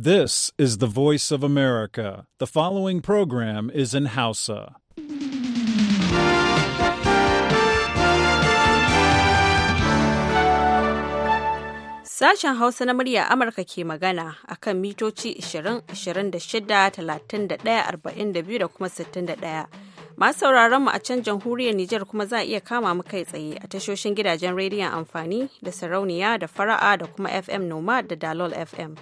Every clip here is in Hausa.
This is the voice of America. The following program is in Hausa. Sashen Hausa na murya Amurka ke magana a kan mitoci 20-26-31-42 da kuma 61. Masu sauraron mu a can jamhuriyar Nijar kuma za a iya kama mu kai tsaye a tashoshin gidajen rediyon amfani da sarauniya da fara'a da kuma FM Noma da Dalol FM.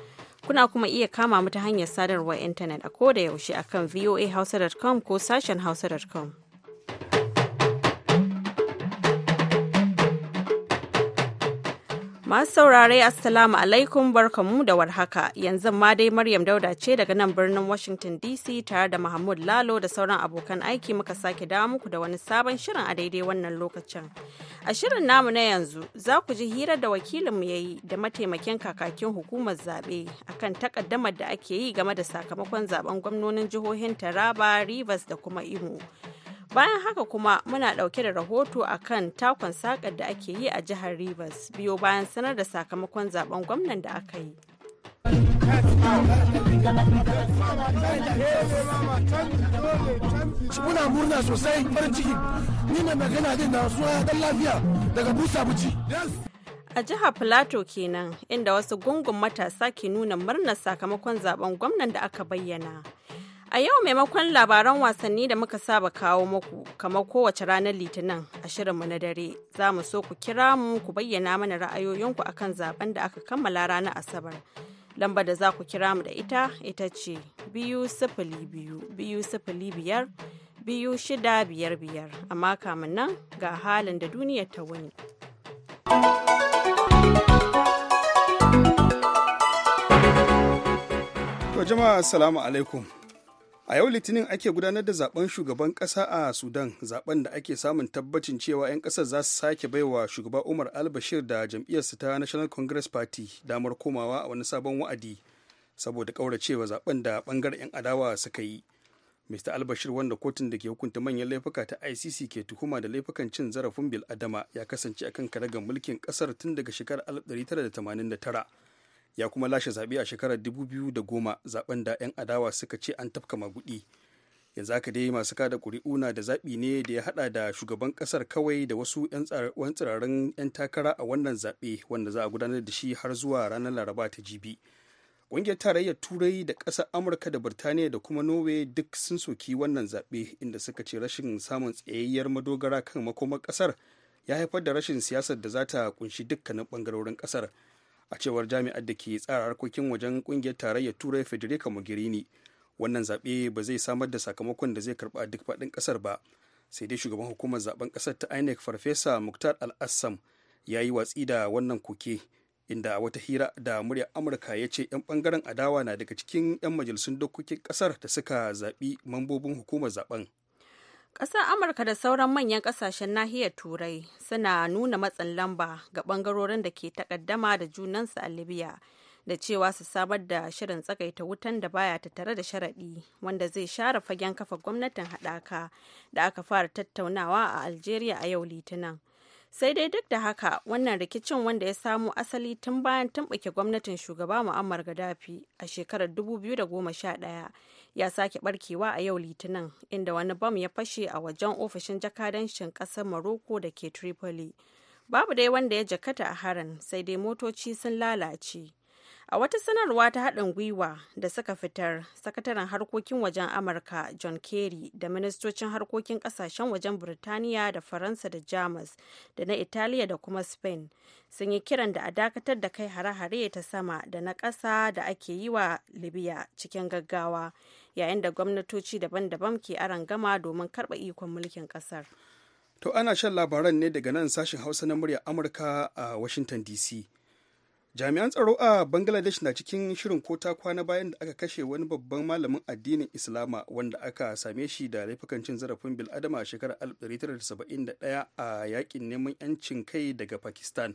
Kuna kuma iya kama mu ta hanyar sadarwar intanet a koda yaushe akan voahausa.com ko sashen hausa.com. Masu saurare Assalamu alaikum barkamu da warhaka yanzu ma dai Maryam Dauda ce daga nan birnin Washington DC tare da Mahmud Lalo da sauran abokan aiki muka sake dawo muku da wani sabon shirin a daidai wannan lokacin. A shirin namu na yanzu za ku ji hira da wakilinmu ya yi da mataimakin kakakin hukumar zaɓe akan takaddamar da ake yi game da sakamakon zaben gwamnonin jihohin Taraba, Rivers da kuma Imo. bayan haka kuma muna ɗauke da rahoto a kan takon sakar da ake yi a jihar rivers biyo bayan sanar da sakamakon zaben gwamnan da aka yi muna murna sosai farin ciki ni mai magana din na suna dan lafiya daga busa buci a jihar plateau kenan inda wasu gungun matasa ke nuna murnar sakamakon zaben gwamnan da aka bayyana A yau maimakon labaran wasanni da muka saba kawo muku kamar kowace ranar litinin a shirinmu na dare za mu so ku kira mu ku bayyana mana ra'ayoyinku kan zaben da aka kammala ranar Asabar. lamba da za ku kira mu da ita ita ce biyu sifili biyu biyu sifili biyar biyu shida biyar biyar amma kamun nan ga halin da duniyar ta wuni. To jama'a assalamu alaikum. a yau litinin ake gudanar da zaben shugaban kasa a sudan zaben da ake samun tabbacin cewa 'yan kasar za su sake baiwa shugaba umar albashir da jam'iyyarsa ta national congress party damar komawa a wani sabon wa'adi saboda kauracewa zaben da bangaren 'yan adawa suka yi mr albashir wanda kotun da ke hukunta manyan laifuka ta icc ke tuhuma da laifukan cin zarafin bil adama ya kasance akan karagar mulkin kasar tun daga shekarar 1989 ya kuma lashe zaɓe a shekarar dubu biyu da goma zaɓen da 'yan adawa suka ce an tafka maguɗi yanzu haka dai masu kada ƙuri'u na da zaɓi ne da ya haɗa da shugaban ƙasar kawai da wasu 'yan tsirarin 'yan takara a wannan zaɓe wanda za a gudanar da shi har zuwa ranar laraba ta jibi ƙungiyar tarayyar turai da ƙasar amurka da birtaniya da kuma norway duk sun soki wannan zaɓe inda suka ce rashin samun tsayayyar madogara kan makomar ƙasar ya haifar da rashin siyasar da za ta kunshi dukkanin ɓangarorin ƙasar a cewar jami'ar da ke tsara harkokin wajen kungiyar tarayyar turai federica mogherini wannan zaɓe ba zai samar da sakamakon da zai karɓa a duk faɗin ƙasar ba sai dai shugaban hukumar zaben ƙasar ta inec farfesa muktar al-assam ya yi watsi da wannan koke inda wata hira da muryar amurka ya ce 'yan bangaren adawa na daga cikin 'yan majalisun dokokin ƙasar da suka zaɓi mambobin hukumar zaben Ƙasar Amurka da sauran manyan ƙasashen nahiyar Turai suna nuna matsin lamba ga ɓangarorin da ke takaddama da junansu a Libya da cewa su samar da shirin tsakaita wutan da baya tare da sharaɗi wanda zai share fagen kafa gwamnatin haɗaka da aka fara tattaunawa a Algeria a yau Litinin. Sai dai duk da haka wannan rikicin wanda ya samo asali tun bayan tumɓuke gwamnatin shugaba Muammar Gaddafi a shekarar 2011 ya sake barkewa a yau litinin inda wani bam ya fashe a wajen ofishin jakadancin ƙasar maroko da ke Tripoli. Babu dai wanda ya jakata a harin sai dai motoci sun lalace. A wata sanarwa ta haɗin gwiwa da suka fitar, sakataren harkokin wajen Amurka John Kerry da ministocin harkokin ƙasashen wajen Birtaniya da Faransa da Jamus da na Italiya da kuma Spain sun yi kiran da a dakatar da kai hare-hare ta sama da na ƙasa da ake yi wa Libya cikin gaggawa yayin da gwamnatoci daban-daban ke gama domin karɓa ikon mulkin ƙasar. To ana shan labaran ne daga nan sashen Hausa na muryar Amurka a Washington DC. jami'an tsaro a bangladesh na cikin shirin ko ta kwana bayan da aka kashe wani babban malamin addinin islama wanda aka same shi da laifukan cin zarafin bil'adama a shekarar 1971 a yakin neman 'yancin kai daga pakistan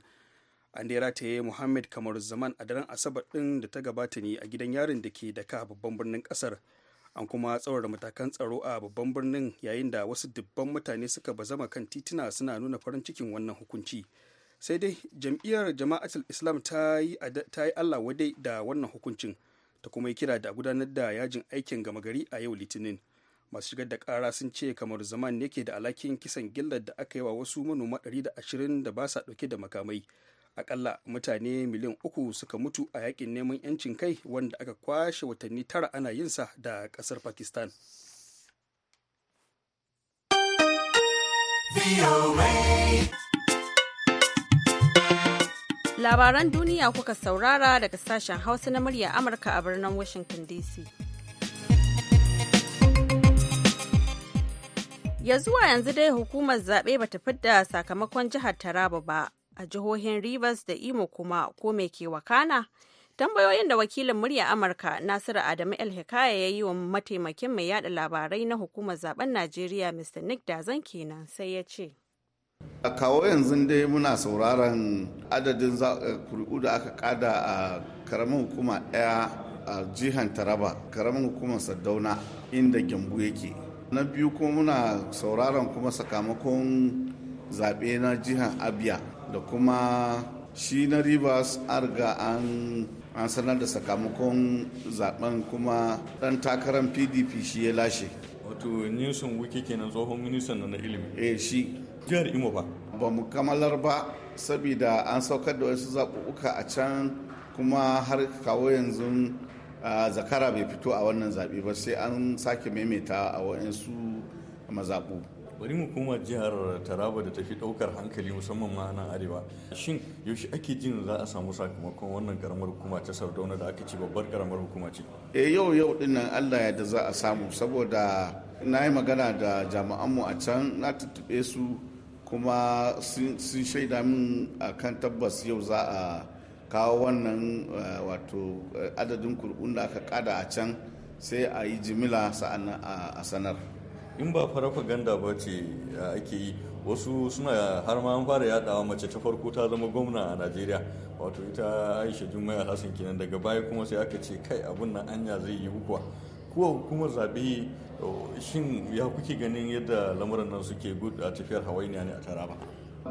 an da rataye muhammad kamar zaman a daren asabar din da ta gabata ne a gidan yarin da ke daka babban birnin kasar an kuma tsaurara matakan tsaro a babban birnin yayin da wasu dubban mutane suka bazama kan tituna suna nuna farin cikin wannan hukunci. sai dai jam'iyyar jama'atul islam ta yi allah wadai da wannan hukuncin ta kuma yi kira da gudanar da yajin aikin gama gari a yau litinin masu shigar da kara sun ce kamar zaman ne ke da alhakin kisan gillar da aka yi wa wasu manoma 120 da ba sa dauke da makamai akalla mutane miliyan uku suka mutu a yakin neman yancin kai wanda aka kwashe watanni tara ana yinsa da kasar pakistan Labaran duniya kuka saurara daga sashen Hausa na murya Amurka a birnin Washington DC. Ya zuwa yanzu dai hukumar zaɓe bata fidda sakamakon jihar Taraba ba a jihohin Rivers da Imo kuma ko me ke wakana? Tambayoyin da wakilin murya Amurka Nasiru Adamu El Hikaya ya yi wa mataimakin mai yada labarai na hukumar zaben Najeriya Mr. Nick Dazan kenan sai ya ce. a kawo yanzu dai muna sauraron adadin eh, kuri'u da aka kada a karamin hukuma ɗaya a jihan taraba karamin hukumar sardauna inda gyambu yake na biyu kuma muna sauraron kuma sakamakon zaɓe na jihar abia da kuma shi na rivers arga an an sanar da sakamakon zaben kuma ɗan takarar pdp shi ya lashe wato nisan wiki kenan tsohon ministan na ilimi eh shi jihar imo ba ba mu kamalar ba saboda an saukar da wasu zaɓuɓɓuka a can kuma har kawo yanzu zakara bai fito a wannan zaɓe ba sai an sake maimaita a waɗansu mazaɓu bari mu koma jihar taraba da tafi ɗaukar hankali musamman ma nan arewa shin yaushe ake jin za a samu sakamakon wannan karamar hukuma ta sardauna da aka ce babbar karamar hukuma ce e yau yau din nan allah ya da za a samu saboda na yi magana da jami'anmu a can na tuttuɓe su kuma sun shaida min kan tabbas yau za a kawo wannan eh, wato eh, adadin kurkun da aka kada a can sai a yi jimila sa'annan a sanar in ba ganda ba ce eh, ake yi wasu suna har ma an fara yadawa mace ta farko ta zama gwamna a najeriya wato ita aisha jummai alhassan kenan daga baya kuma sai aka ce kai abun nan anya zai yi kuwa kuwa hukumar zaɓe shin ya kuke ganin yadda lamuran nan suke gud a tafiyar hawainiya ne a taraba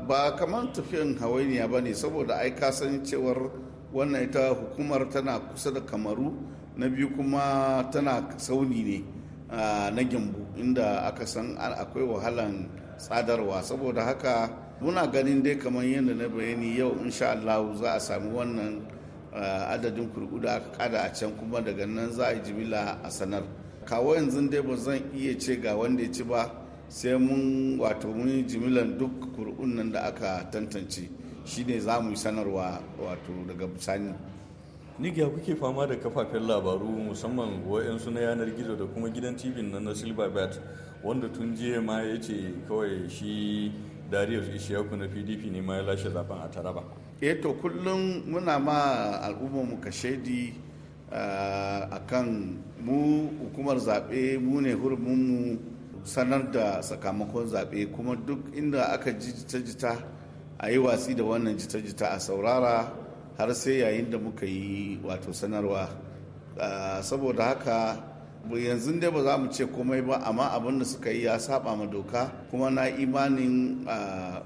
ba kamar tafiyan hawainiya ba ne saboda ai ka san cewar wannan ita hukumar tana kusa da kamaru na biyu kuma tana sauni ne na gyambu inda aka san akwai wahalan tsadarwa saboda haka muna ganin dai kamar yadda na bayani yau insha Allah za a sami wannan adadin kurkuda aka kada a can kuma daga nan za a yi jimila a sanar kawo yanzu dai ba zan iya ce ga wanda ya ci ba sai mun wato mun jimilan duk kur'un nan da aka tantance shine za mu sanarwa wato daga bisani nigiya kuke fama da kafafen labaru musamman wa'yansu na yanar gizo da kuma gidan tv na na silverbird wanda tun jiya ma ya ce kawai shi darius ishaku na pdp ne ma ya lashe zaben a taraba eh to kullum muna ma al'ummar mu shaidi a kan mu hukumar zaɓe mu ne mu sanar da sakamakon zaɓe kuma duk inda aka ji jita-jita a yi watsi da wannan jita-jita a saurara har sai yayin da muka yi wato sanarwa saboda haka yanzu dai ba za mu ce komai ba amma abin da suka yi ya saba ma doka kuma na imanin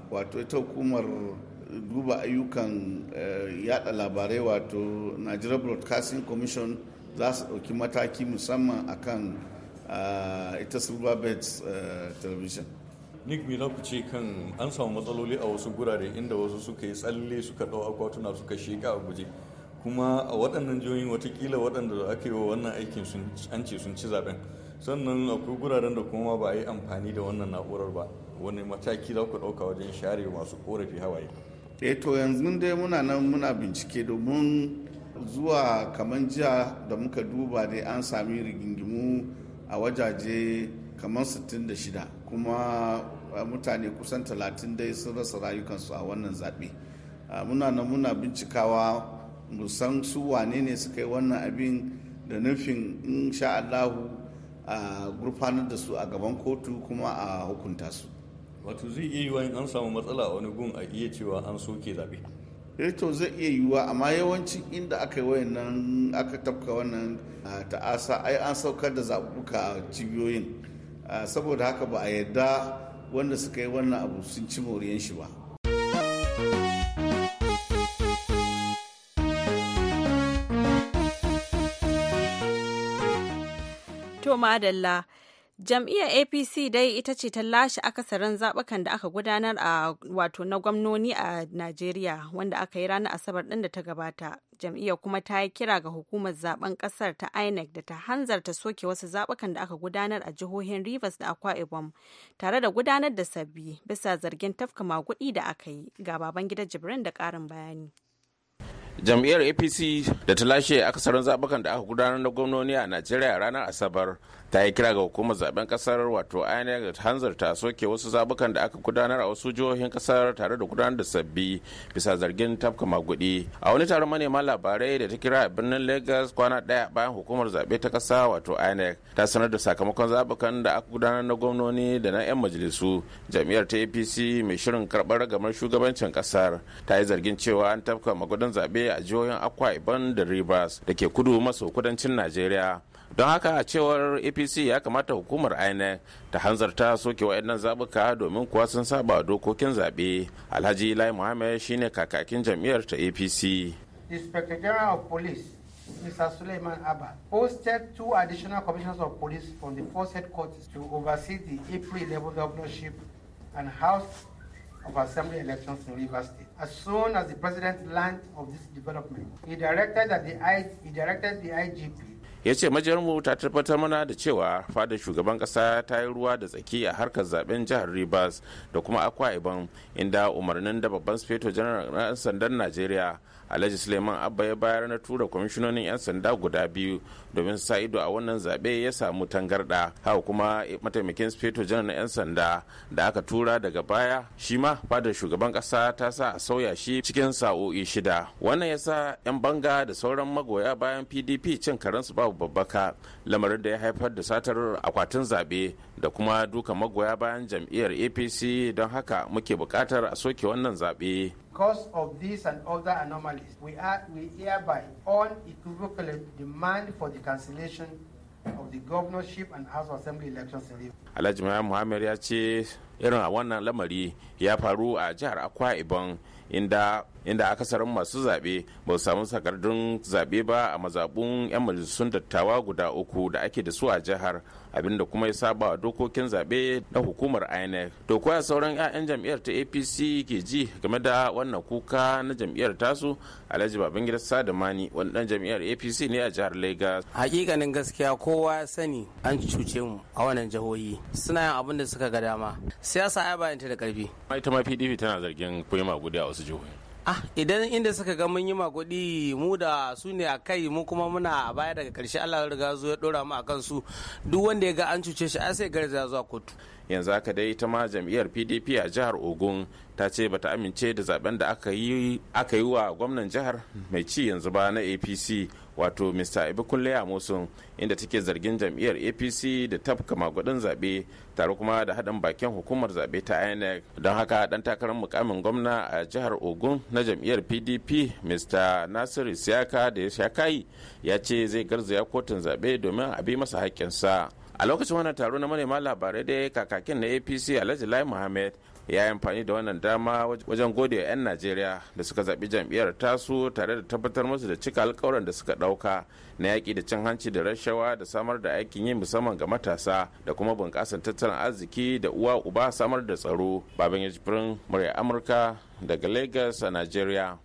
wato ita hukumar duba ayyukan eh, yada labarai wato nigeria broadcasting commission za su ɗauki mataki musamman akan eh, ita silverbirds eh, television nick me za ce kan an samu matsaloli a wasu gurare inda wasu suka yi tsalle suka ɗau akwatuna suka sheka a guje kuma a waɗannan jihohin watakila waɗanda aka yi wa wannan aikin an ce sun ci zaben sannan akwai guraren da kuma ba a yi amfani da wannan na'urar ba wani mataki za ku ɗauka wajen share masu ƙorafi hawaye eh to yanzu dai muna nan muna bincike domin zuwa kamar jiya da muka duba dai an sami rigingimu a wajaje kamar 66 kuma mutane kusan 30 dai sun rasa rayukansu a wannan zaɓe muna nan muna bincikawa musan su wane ne suka yi wannan abin da nufin in sha Allahu a gurfanar da su a gaban kotu kuma a hukunta su wato zai iya yiwuwa in an samu matsala wani gun a iya cewa an soke zaɓe eh to zai iya yiwuwa amma yawancin inda aka yi wayannan aka tafka wannan ta'asa ai an saukar da zaɓuɓɓuka a cibiyoyin saboda haka ba a yarda wanda suka yi wannan abu sun ci moriyan shi ba to madalla Jam'iyyar APC dai ita ce ta lashe akasarin zaɓukan da aka gudanar a wato na gwamnoni a Najeriya wanda aka yi ranar Asabar ɗin da ta gabata. Jam'iyyar kuma ta yi kira ga hukumar zaben ƙasar ta INEC da ta hanzarta soke wasu zaɓukan da aka gudanar a jihohin Rivers da Akwa Ibom tare da gudanar da sabbi bisa zargin tafka maguɗi da aka yi ga baban gida Jibrin da ƙarin bayani. jam'iyyar apc da ta lashe akasarin zabukan da aka gudanar na gwamnoni a najeriya ranar asabar ta yi kira ga hukumar zaben kasar wato inec da hanzarta soke wasu zabukan da aka gudanar a wasu jihohin kasar tare da gudanar da sabbi bisa zargin tafka magudi a wani taron manema labarai da ta kira a birnin lagos kwana ɗaya bayan hukumar zabe ta kasa wato inec ta sanar da sakamakon zabukan da aka gudanar na gwamnoni da na 'yan majalisu jam'iyyar ta apc mai shirin karbar ragamar shugabancin kasar ta yi zargin cewa an tafka magudin zabe a jihohin akwa ibon da rivers da ke kudu maso kudancin najeriya don haka a cewar apc ya kamata hukumar inec ta hanzarta soke wa'annan zabuka domin kuwa sun saba dokokin zaɓe alhaji lai muhammed shine kakakin jam'iyyar ta apc inspector general of police Mr. Suleiman Abba posted two additional commissioners of police from the force headquarters to oversee the April 11 governorship and House of Assembly elections in Rivers State. As soon as the president learned of this development, he directed that the I, he directed the IGP ya ce majiyarmu ta tabbatar mana da cewa fadar shugaban kasa ta yi ruwa da tsaki a harkar zaben jihar rivers da kuma akwa Ibom, inda umarnin da babban speto janar na sandan najeriya alhaji suleiman abba ya bayar na tura kwamishinonin 'yan sanda guda biyu domin sa ido a wannan zaɓe ya samu tangarɗa haka kuma eh, mataimakin speto janar na 'yan sanda da aka tura daga baya shi ma fadar shugaban ƙasa ta sa a sauya shi cikin sa'o'i shida wannan ya sa 'yan banga da sauran magoya bayan pdp cin karensu babu babbaka lamarin da ya haifar da satar akwatin zaɓe da kuma duka magoya bayan jam'iyyar apc don haka muke buƙatar a soke wannan zaɓe because of these and other anomalies, we, are, we hereby equivocally demand for the cancellation of the governorship and House of Assembly elections in Rivers. Alhaji Muhammad ya ce irin a wannan lamari ya faru a jihar Akwa Ibom inda inda akasarin masu zaɓe ba su samu sakardun zaɓe ba a mazaɓun 'yan majalisun dattawa guda uku da ake da su a jihar abinda kuma ya saba wa dokokin zaɓe na hukumar inec to kuwa sauran 'ya'yan jam'iyyar ta apc ke ji game da wannan kuka na jam'iyyar tasu alhaji babangida sadamani wani dan jam'iyyar apc ne a jihar lagos hakikanin gaskiya kowa ya sani an cuce mu a wannan jihohi suna yin abin da suka ga dama siyasa ya bayanta da karfi ita ma pdp tana zargin kuma guda a wasu jihohi ah idan inda suka ga mun yi magudi mu da su ne a kai mu kuma muna a baya daga karshe Allah ya riga zuwa ya dora mu kan su duk wanda ya ga an cuce shi ai sai garza zuwa kotu yanzu haka dai ita ma jam'iyyar PDP a jihar Ogun ta ce bata amince da zaben da aka yi wa gwamnan jihar mai ci yanzu ba na APC wato mr a amosun inda take zargin jam'iyyar apc da tafka magudin zabe tare kuma da haɗin bakin hukumar zabe ta inec don haka ɗan takarar mukamin gwamna a jihar ogun na jam'iyyar pdp mr nasiru siyaka da ya sha kai ya ce zai garzaya kotun zabe domin a bi masa haƙƙinsa a lokacin wannan taro na manema labarai da kakakin na apc alhaji lai muhammad ya yi amfani da wannan dama wajen gode 'yan najeriya da suka zaɓi jam'iyyar tasu tare da tabbatar musu da cika alkawuran da suka ɗauka na yaƙi da cin hanci da rashawa da samar da aikin yi musamman ga matasa da kuma bunƙasar tattalin arziki da uwa uba samar da tsaro baban ya murya amurka daga lagos a najeriya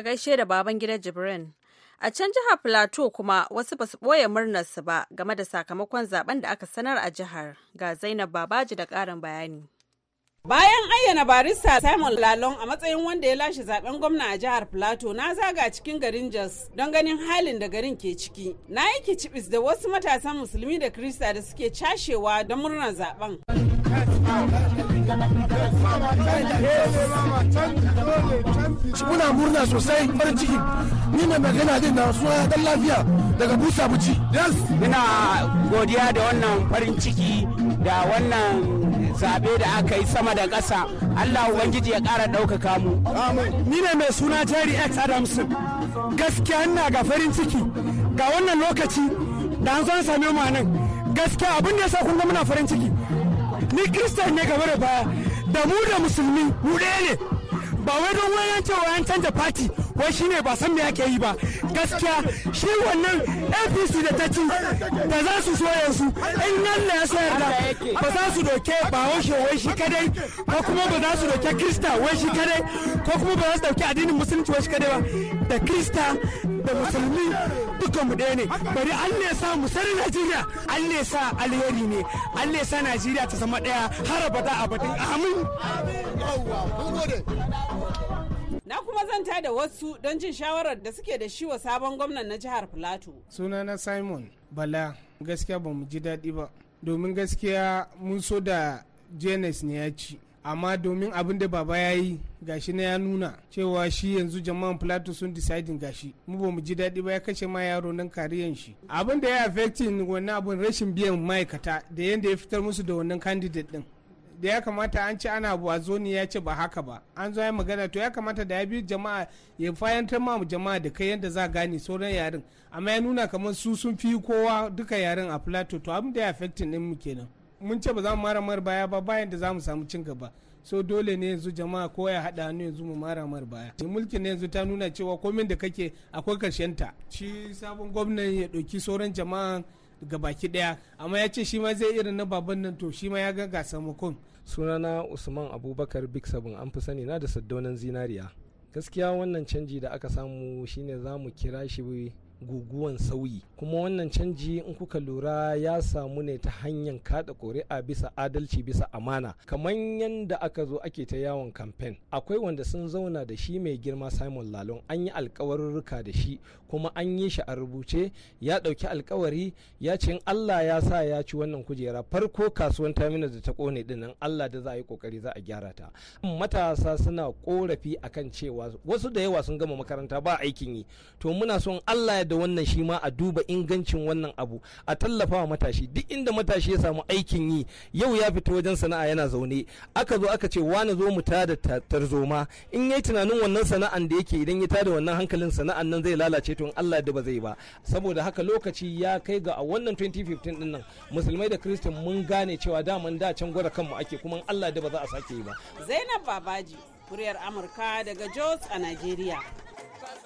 A gaishe da baban gida Jibrin. A can jihar Plateau kuma wasu basu ɓoye murnarsu ba game da sakamakon zaben da aka sanar a jihar. Ga Zainab Babaji da ƙarin bayani. Bayan ayyana barista Simon Lalong a matsayin wanda ya lashe zaben gwamna a jihar Plato na zaga cikin garin Jos don ganin halin da garin ke ciki. Na yi kicibis da wasu matasan musulmi da Krista da suke cashewa don murnar zaben. Muna murna sosai farin ciki. Ni mai magana din na suna dan lafiya daga Busa Buci. Yes, ina godiya da wannan farin ciki da wannan zabe da aka yi sama da ƙasa Allah ubangiji ya ƙara ɗaukaka mu ni ne mai suna Jerry X Adamson gaskiya ina ga farin ciki ga wannan lokaci da an zo same mu nan gaskiya abin da yasa kun ga muna farin ciki ni kristan ne gaba da baya da mu da musulmi mu ɗaya ne ba wai don wayan wa yan canza fati wai shine ba san me ake yi ba gaskiya shi wannan apc da ta ci da za su so yanzu in nan na ya so yarda ba za su doke hoshe wai shi kadai ko kuma ba za su doke krista wai shi kadai ko kuma ba za su dauki addinin musulunci wai shi kadai ba da krista da musulmi dukkan mu ɗaya ne bari Allah ya sa mu sani Najeriya Allah ya sa alheri ne Allah ya sa Najeriya ta zama ɗaya har abada abadin amin Na kuma zanta da wasu don jin shawarar da suke da shi wa sabon gwamnan na jihar Filato. Sunana Simon Bala gaskiya ba mu ji daɗi ba domin gaskiya mun so da Janes ne ya ci. amma domin abin da baba ya yi gashi na ya nuna cewa shi yanzu jama'an plateau sun deciding gashi mu ba mu ji daɗi ba ya kashe ma yaro nan kariyan shi abin da ya affecting wannan abin rashin biyan ma'aikata da yadda ya fitar musu da wannan candidate din da ya kamata an ce ana abu a zoni ya ce ba haka ba an zo ya magana to ya kamata da ya bi jama'a ya fayantar ma jama'a da kai yadda za gane sauran yaren amma ya nuna kamar su sun fi kowa duka yaren a plateau to abin da ya affecting din mu kenan mun ce ba za mu mara mar baya ba bayan da za mu samu cin gaba so dole ne yanzu jama'a ko ya haɗa hannu yanzu mu mara mar baya mulkin yanzu ta nuna cewa komin da kake akwai karshen ta shi sabon gwamnan ya ɗauki sauran jama'a ga baki ɗaya amma ya ce shi ma zai irin na baban nan to shi ma ya ga gasamakon sunana usman abubakar big sabon an fi sani na da saddaunan zinariya gaskiya wannan canji da aka samu shine za mu kira shi guguwan sauyi kuma wannan canji in kuka lura ya samu ne ta hanyar kada ƙuri'a bisa adalci bisa amana kamar yadda aka zo ake ta yawon kamfen akwai wanda sun zauna da shi mai girma simon lalon an yi alkawarurruka da shi kuma an yi shi a rubuce ya ɗauki alkawari ya ce allah ya sa ya ci wannan kujera farko kasuwan tamina da ta kone dinnan allah da za a yi kokari za a gyara ta matasa suna korafi akan cewa wasu da yawa sun gama makaranta ba aikin yi to muna son allah ya da wannan shi ma a duba ingancin wannan abu a tallafa wa matashi duk inda matashi ya samu aikin yi yau ya fito wajen sana'a yana zaune aka zo aka ce wani zo mu tada tarzoma in yayi tunanin wannan sana'an da yake idan ya tada wannan hankalin sana'an nan zai lalace to in Allah da ba zai ba saboda haka lokaci ya kai ga a wannan 2015 din nan musulmai da kristin mun gane cewa daman da can gwada kanmu ake kuma in Allah da ba za a sake yi ba Zainab Babaji kuryar Amurka daga Jos a Najeriya Har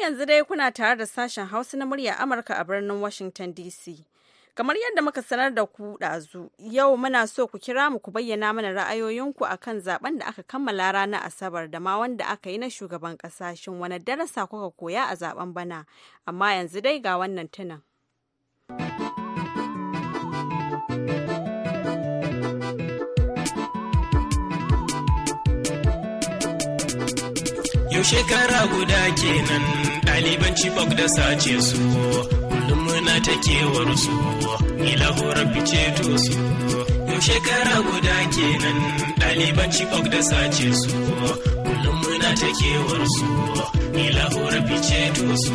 yanzu dai kuna tare da sashen Hausa na murya Amurka a birnin Washington DC. Kamar yadda muka sanar da ku ɗazu, yau muna so ku kira mu ku bayyana mana ra'ayoyinku a kan zaben da aka kammala ranar Asabar da ma wanda aka yi na shugaban ƙasashen wani darasa kuka koya a zaben bana, amma yanzu dai ga wannan tunan. Yau shekara guda kenan ɗaliban Chibok da sace su, kullum muna ta kewar su, ila lahorar fice to su. Yau shekara guda kenan ɗaliban Chibok da sace su, kullum muna ta kewar su, ila lahorar fice to su.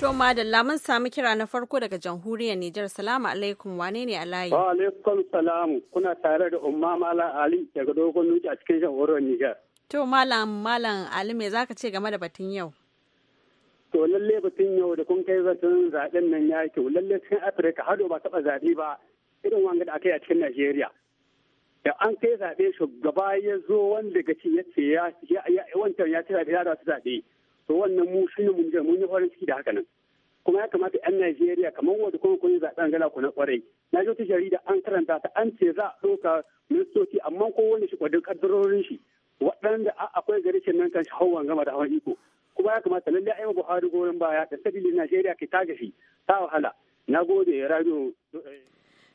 To madalla mun samu kira na farko daga jamhuriyar Nijar. Salamu alaikum wane ne a layi? Wa alaikum salamu kuna tare da umma malam Ali daga dogon nuki a cikin jamhuriyar Nijar. To malam malam Ali me zaka ce game da batun yau? To lalle batun yau da kun kai zaton zaben nan ya kyau lalle cikin Afirka har ba taba zabe ba irin wanga da aka yi a cikin Najeriya. Da an kai zaɓe shugaba ya zo wanda gaci ya ce ya wancan ya ci zaɓe ya da su zaɓe. to wannan mu shi mun ga mun yi farin ciki da haka nan kuma ya kamata yan Najeriya kamar wanda kuma kun zaben gala ku na kwarai na ji wata jarida an karanta ta an ce za a ɗauka ministoci amma ko wani shi kwadin kaddarorin shi waɗanda akwai gari nan kan hau gama da hawan iko kuma ya kamata lalle a yi Buhari goyon baya da sabili Najeriya ke taga shi ta wahala na gode radio eh.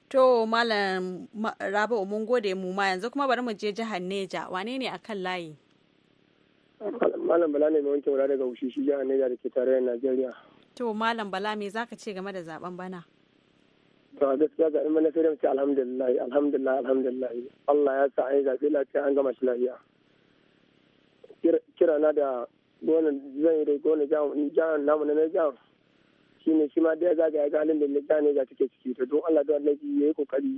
To Malam rabu mun gode mu ma yanzu kuma bari mu je jihar Neja wane ne akan layi? Malam Bala ne mai wanke wura daga Wushishi jihar Niger da ke tarayyar Najeriya. To Malam Bala me zaka ce game da zaben bana? To a gaskiya ga in mana sai da mace alhamdulillah alhamdulillah alhamdulillah Allah ya sa an yi zaɓe lafiya an gama shi lafiya. Kira na da gona zan yi da gona jihar namu na jihar shi ne shi ma da ya zagaya ga halin da na jihar Niger take ciki to don Allah da Allah ya yi kokari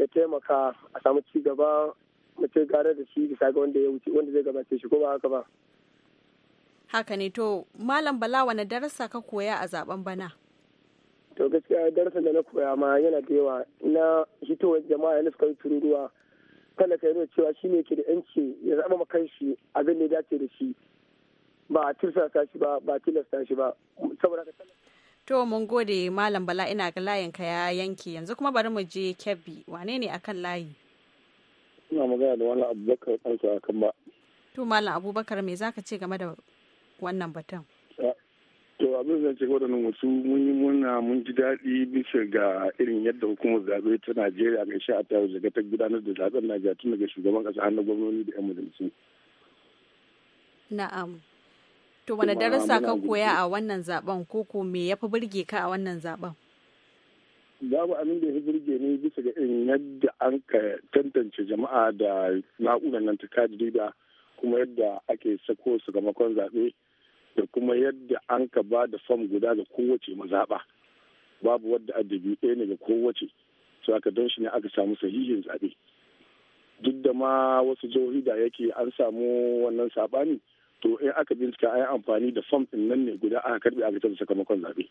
ya taimaka a samu ci gaba mace gare da shi bisa ga wanda ya wuce wanda zai gabace shi ko ba haka ba. haka ne to malam bala wani darasa ka koya a zaben bana to gaskiya darasa da na koya ma yana da yawa na hitowar jama'a yana suka yi ruwa kada ka nuna cewa shi ne ke da yanci ya zama makan shi abin da ya dace da shi ba a sa shi ba ba tilasta shi ba saboda ka to mun gode malam bala ina ga layin ka ya yanke yanzu kuma bari mu je kebbi wane ne akan layi ina magana da wani abubakar kansa akan ba to malam abubakar me zaka ce game da wannan batun? Eh, to abin zan ce waɗannan wasu mun yi muna mun ji daɗi bisa ga irin yadda hukumar zaɓe ta Najeriya mai sha ta zaga ta gudanar da zaɓen Najeriya tun daga shugaban ƙasa har na gwamnoni da 'yan majalisu. Na'am. To wani darasa ka koya a wannan zaɓen ko ko me ya fi burge ka a wannan zaɓen? babu abin da ya burge ni bisa ga irin yadda an ka tantance jama'a da na'urar nan ta da kuma yadda ake sako sakamakon zaɓe da kuma yadda an ka ba da fam guda ga kowace mazaɓa babu wadda addabi ɗaya ne ga kowace su aka don shi ne aka samu sahihin zaɓe duk da ma wasu jihohi da yake an samu wannan saɓani to in aka bincika an yi amfani da fam ɗin nan ne guda aka karɓe aka tabbata sakamakon zaɓe.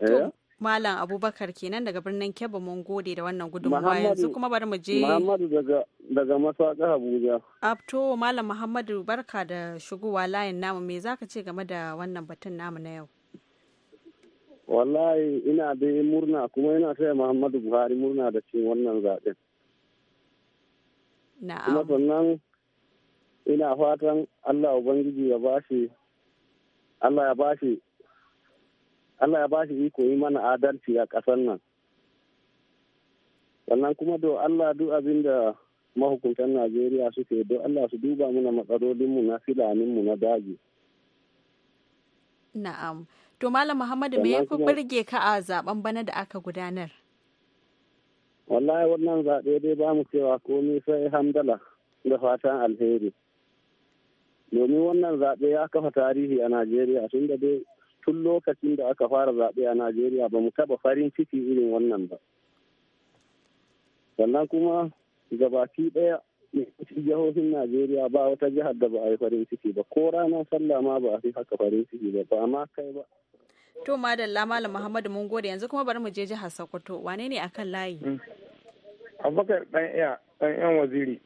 Eh? Malam Abubakar kenan daga birnin Kebbi mun gode da wannan gudunmawa yanzu kuma bari mu je. Muhammadu daga daga Masaka Abuja. Abto ah, Malam Muhammadu barka da shigowa layin namu me zaka ce game da wannan batun namu na yau? Wallahi ina da murna kuma ina taya Muhammadu Buhari murna da cin wannan zaɓen. Na'am. Kuma sannan ina fatan Allah Ubangiji ya bashi Allah ya bashi Allah ya ba shi iko yi mana adalci a ƙasar nan sannan kuma do Allah duk abin da mahukuntan Najeriya suke do Allah su duba muna matsalolinmu na filaninmu na daji na'am to malam Muhammadu me ya fi burge ka a zaben bana da aka gudanar wallahi wannan zaɓe dai ba mu cewa komai sai hamdala da fatan alheri domin wannan zaɓe ya kafa tarihi a najeriya tun da dai tun lokacin da aka fara zaɓe a najeriya ba mu taɓa farin ciki irin wannan ba sannan kuma gabaki ɗaya jihohin najeriya ba wata jihar da ba a yi farin ciki ba ko ranar sallah ma ba a fi haka farin ciki ba ba ma kai ba to madalla malam muhammadu mun gode yanzu kuma bari mu je jihar sokoto wane ne akan layi hmm. abubakar ɗan iya ɗan yan waziri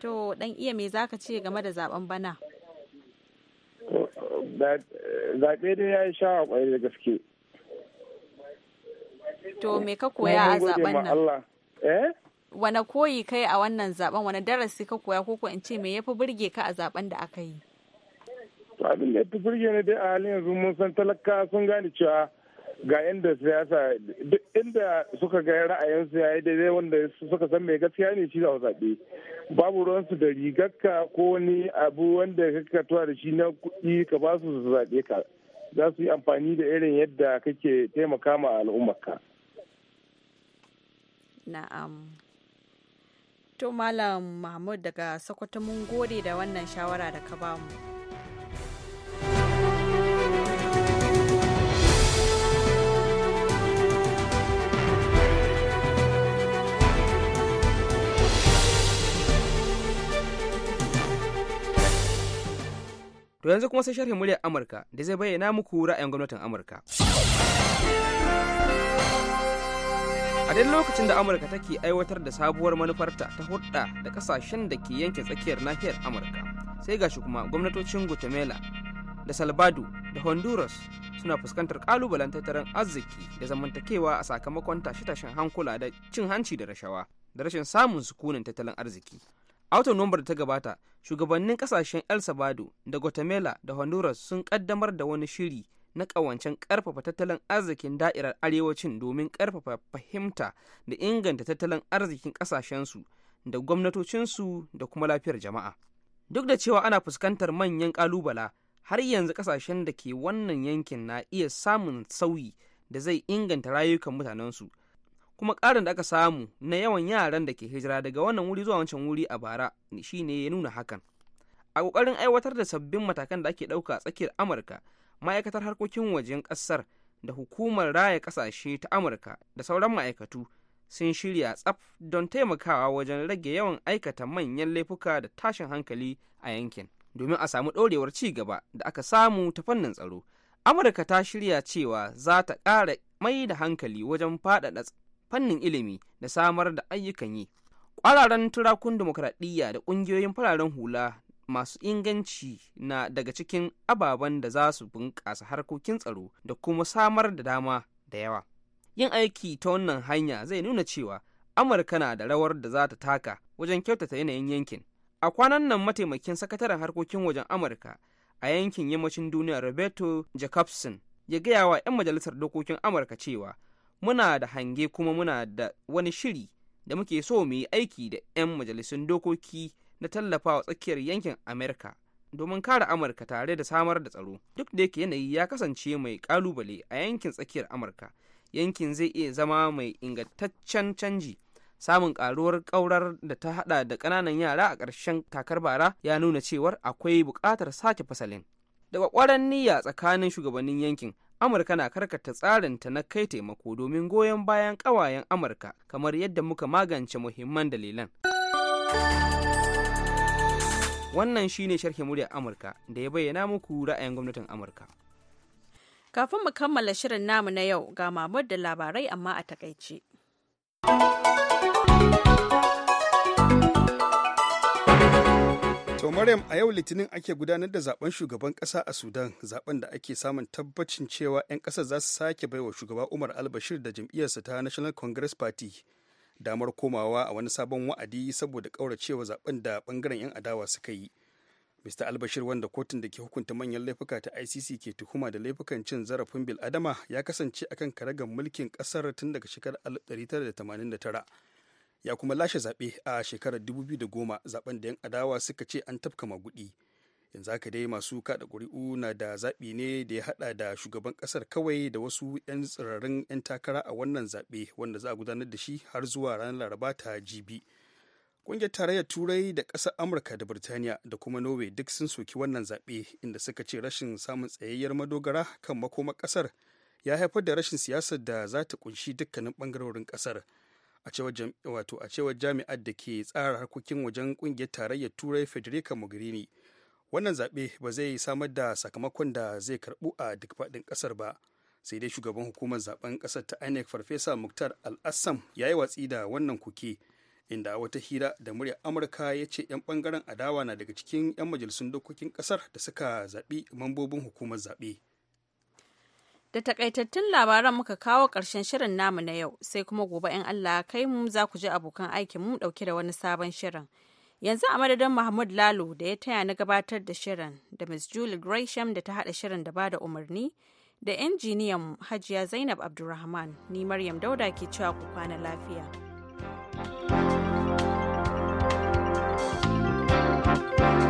to dan iya me zaka ce game da zaben bana zaɓe dai ya yi shawa ƙwai da gaske to me ka koya a zaɓen nan eh? wane koyi kai a wannan zaɓen wane darasi ka koya ko in ce me ya fi burge ka a zaɓen da aka yi abin da ya fi burge na dai a halin yanzu mun san talaka sun gane cewa ga inda siyasa inda suka ga ra'ayinsu ya yi daidai wanda suka san mai gaskiya ne shi za zaɓe babu ruwansu da rigarka ko wani abu wanda kaka tuwa da shi na kuɗi ka ba su su zaɓe ka za su yi amfani da irin yadda kake taimaka ma al'ummarka. na'am to malam mahmud daga sokoto mun gode da wannan shawara da ka bamu. To yanzu kuma sai sharhin muryar Amurka da zai bayyana muku ra'ayin gwamnatin Amurka. A dai lokacin da Amurka take aiwatar da sabuwar manufarta ta hudda da kasashen da ke yanke tsakiyar nahiyar Amurka, sai gashi kuma gwamnatocin Guatemala da Salvador da Honduras suna fuskantar kalubalen tattalin arziki da zamantakewa a sakamakon tashe-tashen hankula da cin hanci da rashawa da rashin samun sukunin tattalin arziki. A watan Nuwambar da ta gabata, shugabannin kasashen el salvador da guatemala da honduras sun kaddamar da wani shiri na ƙawancen ƙarfafa tattalin arzikin da'irar arewacin domin ƙarfafa fahimta da inganta tattalin arzikin ƙasashensu da gwamnatocinsu da kuma lafiyar jama'a duk da cewa ana fuskantar manyan ƙalubala har yanzu ƙasashen da ke wannan yankin na iya samun sauyi da zai inganta rayukan mutanensu kuma ƙarin da aka samu na yawan yaran da ke hijira daga wannan wuri zuwa wancan wuri a bara shi ne ya nuna hakan a ƙoƙarin aiwatar da sabbin matakan da ake ɗauka a tsakiyar amurka ma'aikatar harkokin wajen ƙasar da hukumar raya ƙasashe ta amurka da sauran ma'aikatu sun shirya tsaf don taimakawa wajen rage yawan aikata manyan laifuka da tashin hankali a yankin domin a samu ɗorewar ci gaba da aka samu ta fannin tsaro amurka ta shirya cewa za ta ƙara mai da hankali wajen faɗaɗa fannin ilimi da samar da ayyukan yi ƙwararren turakun demokradiyya da ƙungiyoyin fararen hula masu inganci na daga cikin ababen da za su bunƙasa harkokin tsaro da kuma samar da dama da yawa yin aiki ta wannan hanya zai nuna cewa amurka na da rawar da za ta taka wajen kyautata yanayin yankin a kwanan nan mataimakin sakataren harkokin wajen amurka a yankin yammacin duniya roberto jacobson ya gaya wa 'yan majalisar dokokin amurka cewa muna da hange kuma muna da wani shiri da muke so mu yi aiki da 'yan majalisun dokoki na tallafawa tsakiyar yankin Amerika domin kare Amurka tare da samar da tsaro duk da yake yanayi ya kasance mai kalubale a yankin tsakiyar Amurka yankin zai iya zama mai ingantaccen canji samun karuwar ƙaurar da ta haɗa da ƙananan yara a ƙarshen kakar bara ya nuna cewar akwai buƙatar sake fasalin da kwakwaran niyya tsakanin shugabannin yankin amurka na karkata tsarinta na kai taimako domin goyon bayan ƙawayen amurka kamar yadda muka magance muhimman dalilan wannan shine sharhi muryar amurka da ya bayyana muku ra'ayin gwamnatin amurka kafin mu kammala shirin namu na yau ga mamud da labarai amma a takaice. Maryam a yau Litinin ake gudanar da zaben shugaban kasa a Sudan, zaben da ake samun tabbacin cewa 'yan kasar za su sake baiwa shugaba Umar al-Bashir da jam'iyyarsa ta National Congress Party damar komawa a wani sabon wa'adi saboda kauracewa zaben da bangaren 'yan adawa suka yi. Mr. Albashir wanda kotun da ke hukunta manyan laifuka ta ICC ke tuhuma da laifukan cin zarafin bil'adama ya kasance akan karagar mulkin kasar tun daga shekarar 1989. ya kuma lashe zaɓe a shekarar 2010 zaben da 'yan adawa suka ce an tafka magudi yanzu haka dai masu kada ƙuri'u na da zaɓi ne da ya haɗa da shugaban ƙasar kawai da wasu 'yan tsirarin 'yan takara a wannan zaɓe wanda za a gudanar da shi har zuwa ranar laraba ta jibi ƙungiyar tarayyar turai da ƙasar amurka da birtaniya da kuma norway duk sun soki wannan zaɓe inda suka ce rashin samun tsayayyar madogara kan makoma ƙasar ya haifar da rashin siyasar da za ta ƙunshi dukkanin ɓangarorin ƙasar a cewar jami'ar da ke tsara harkokin wajen kungiyar tarayyar turai federica mogherini wannan zaɓe ba zai samar da sakamakon da zai karɓu a duk faɗin ƙasar ba sai dai shugaban hukumar zaben ƙasar ta inec farfesa muktar al-assam ya yi watsi da wannan kuke inda wata hira da muryar amurka ya ce 'yan bangaren adawa na daga cikin 'yan majalisun dokokin ƙasar da suka zaɓi mambobin hukumar zaɓe. Da takaitattun labaran muka kawo ƙarshen shirin namu na yau, sai kuma gobe in Allah kai mu za ku ji abokan aikin mu ɗauke da wani sabon shirin. Yanzu a madadin Mahmud Lalo da ya taya na gabatar da shirin, da Ms. Julie Gresham da ta haɗa shirin da bada umarni, da injiniyan Hajiya Zainab Abdulrahman, ni Maryam Dauda ke cewa ku kwana lafiya. thank you